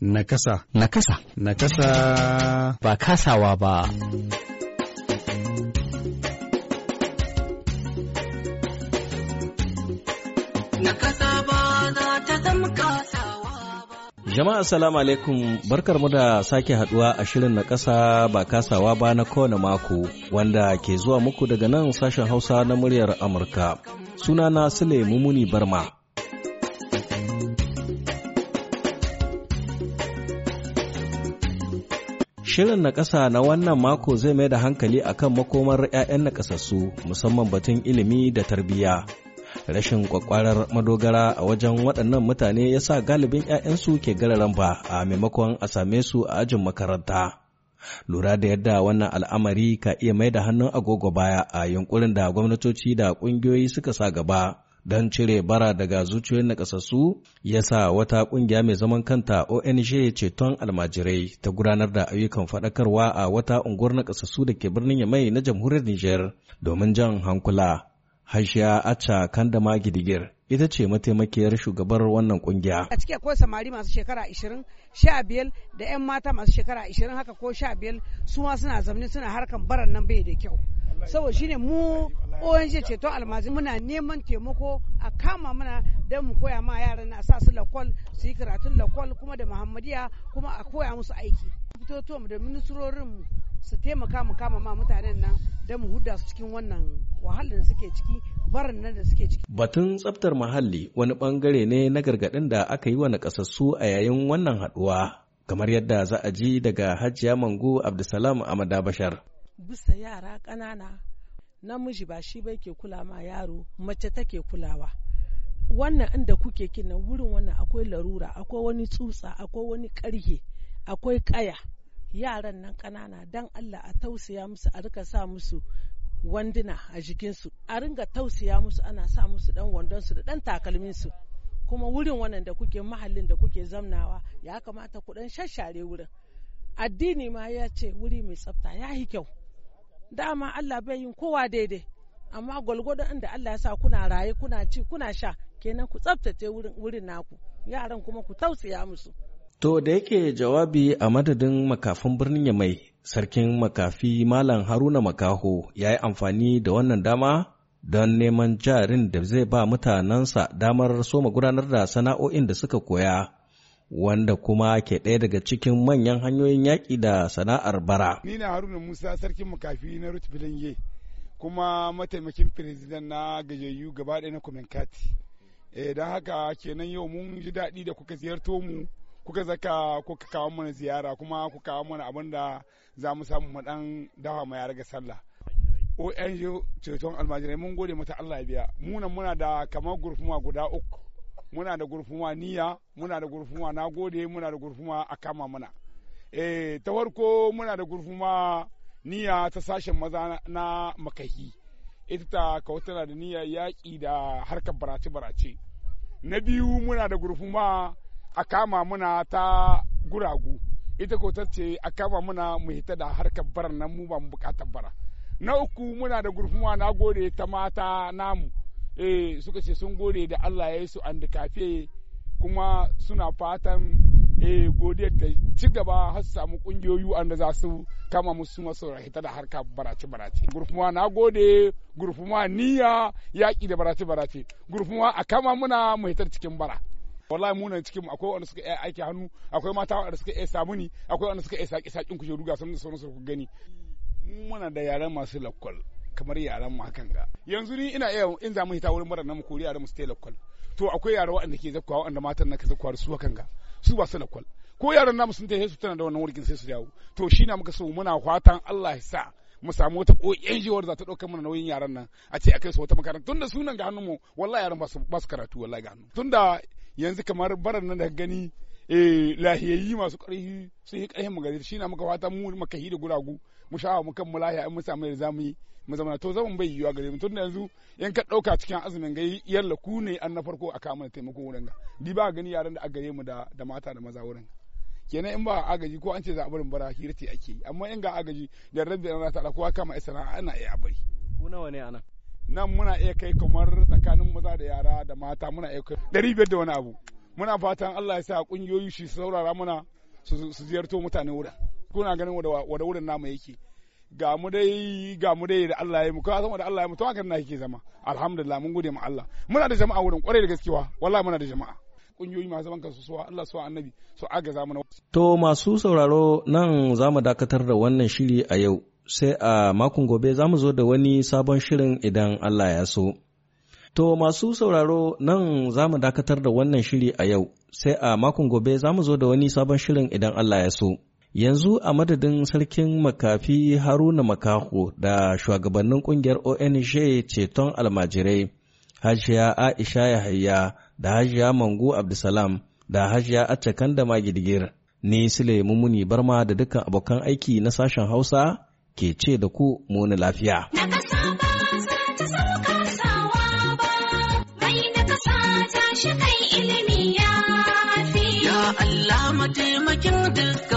Nakasa. Nakasa. Nakasa. Ba kasawa ba. Nakasa ba za ta zama kasawa ba. Jama'a salamu alaikum mu da sake haduwa a shirin na kasa ba kasawa ba na kowane mako wanda ke zuwa muku daga nan sashen hausa na muryar Amurka. Sunana Sule Mumuni Barma. Shirin na ƙasa na wannan mako zai mai da hankali akan makomar 'ya'yan nakasassu musamman batun ilimi da tarbiyya. Rashin kwakwarar madogara a wajen waɗannan mutane ya sa galibin 'ya'yansu ke gararan ba a maimakon a same su a ajin makaranta. Lura da yadda wannan al'amari ka iya mai da hannun agogo baya a yunkurin da gwamnatoci da ƙungiyoyi suka sa gaba don cire bara daga zuciyoyin nakasassu ya sa wata ƙungiya mai zaman kanta ONG ceton almajirai ta gudanar da ayyukan faɗakarwa a wata unguwar nakasassu da ke birnin Yamai na jamhuriyar Nijar domin jan hankula. Hashiya Acha Kandama Gidigir ita ce mataimakiyar shugabar wannan kungiya. A cike akwai samari masu shekara 20, sha da 'yan mata masu shekara 20 haka ko 15 su ma suna zamani suna harkan baran nan bai da kyau. Saboda shine mu ONG ceto almazi muna neman taimako a kama muna don mu koya ma yaran na sa su lakol su yi karatun lakol kuma da muhammadiya kuma a koya musu aiki mu da ministrorin su taimaka mu kama ma mutanen nan don mu huda su cikin wannan wahalar da suke ciki barin nan da suke ciki. Batun tsaftar muhalli wani bangare ne na gargaɗin da aka yi wa nakasassu a yayin wannan haɗuwa kamar yadda za a ji daga Hajiya Mangu Abdulsalam Amada Bashar. Bisa yara ƙanana namiji ba shi ba ke kula ma yaro mace take kulawa wannan inda kuke kina wurin wannan akwai larura akwai wani tsutsa akwai wani karhe akwai kaya yaran nan kanana dan Allah a tausaya musu a rika sa musu wanduna a jikinsu a ringa tausaya musu ana sa musu dan wandonsu da dan takalminsu kuma wurin wannan da kuke mahallin da kuke zamnawa ya kamata ku dan shashare wurin addini ma ya ce wuri mai tsafta ya yi kyau dama Allah bai yin kowa daidai amma gwalgwado inda Allah ya sa kuna raye kuna ci kuna sha kenan ku tsaftace wurin naku yaran kuma ku tausaya musu to da yake jawabi a madadin makafin birnin ya mai sarkin makafi malam haruna makaho ya yi amfani da wannan dama don neman jarin da zai ba mutanensa damar soma gudanar da sana'o'in da suka koya wanda kuma ke ɗaya daga cikin manyan hanyoyin yaƙi da sana'ar bara. Ni na Haruna Musa sarkin makafi na Ruth Bilinge kuma mataimakin firizidan na gajiyayyu gaba ɗaya na Kuminkati. E, don haka kenan yau mun ji daɗi da kuka ziyarto mu kuka zaka kuka kawo mana ziyara kuma kuka kawo mana abin da za mu samu mu ɗan dawa mu yara ga sallah. ONG ceton almajirai mun gode mata Allah ya biya. Munan muna da kamar gurfuma guda uku muna da gurfuma niyya muna da gurfuma na gode muna da gurfuma a kama mana eh ta farko muna da gurfuma niya ta sashen maza na makahi ita ta kautana da niya yaƙi da harkar barace barace na biyu muna da gurfuma a kama muna ta guragu ita kautar ce a kama muna mu hita da harkar bara nan mu ba mu bukatar bara na uku muna da gurfuma na gode ta mata namu Eh, suka ce sun gode da Allah ya yi su an kafe kuma suna fatan eh, godiyar ta ci gaba har su samu kungiyoyi wanda za su kama musu masu rahita da harka barace barace gurfuma na gode gurfuma niyya yaƙi da barace barace gurfuma a kama muna mu hitar cikin bara wallahi mu nan cikin akwai wanda suka iya aiki hannu akwai mata wanda suka iya sabuni akwai wanda suka iya saki sakin kushe ruga sun da sauransu ku gani muna da yaran masu lakwal kamar yaran mu hakan ga yanzu ni ina iya in za mu hita wurin mara namu kori yaran mu stay lakwal to akwai yara waɗanda ke zakkuwa waɗanda matan na ka zakkuwa su hakan ga su ba su lakwal ko yaran namu sun tafi su tana da wannan wurgin sai su dawo to shi na muka so muna fatan Allah ya sa mu samu wata koyan jiwar za ta ɗaukar mana nauyin yaran nan a ce a kai su wata makaranta tunda sunan ga hannun mu wallahi yaran ba su karatu wallahi ga hannu tunda yanzu kamar baran nan da gani eh lahiyayyi masu ƙarfi sun yi ƙarfin mu shi na muka fata mu makahi da guragu mu sha'awa mu kan mu lahiya mu samu da zamu yi mu zama to zaman bai yiwa gare mu tun da yanzu yan ka ɗauka cikin azumin gai yalla ku ne an na farko a kama da taimako wurin ga di ba gani yaran da agare mu da mata da maza wurin kenan in ba agaji ko an ce za a barin bara hira ce ake yi amma in ga agaji da rabbi na ta kowa kama ai sana'a ana iya bari ku nawa ne anan nan muna iya kai kamar tsakanin maza da yara da mata muna iya kai biyar da wani abu muna fatan Allah ya sa kungiyoyi su saurara muna su ziyarto mutane wurin kuna ganin wada wurin namu yake ga mu dai ga mu dai da Allah ya mu ka san da Allah ya mu to haka na yake zama alhamdulillah mun gode ma Allah muna da jama'a wurin kwarai da gaskiya wallahi muna da jama'a kungiyoyi masu zaman kansu suwa Allah suwa annabi su agaza mana to masu sauraro nan zamu dakatar da wannan shiri a yau sai a makon gobe zamu zo da wani sabon shirin idan Allah ya so To masu sauraro nan za mu dakatar da wannan shiri a yau, sai a makon gobe za mu zo da wani sabon shirin idan Allah ya so. Yanzu a madadin sarkin makafi Haruna Makaho da shugabannin ƙungiyar ONG ceton almajirai, Hajiya Aisha Yahaya da Hajiya Mangu Abdulsalam da Hajiya Accakan da Magidigir, Ni Sule Mumuni Barma da dukkan abokan aiki na sashen Hausa ke ce da ku muni lafiya. Na ginshiƙan ilimi ya fi. Ya Allah mataimakin duk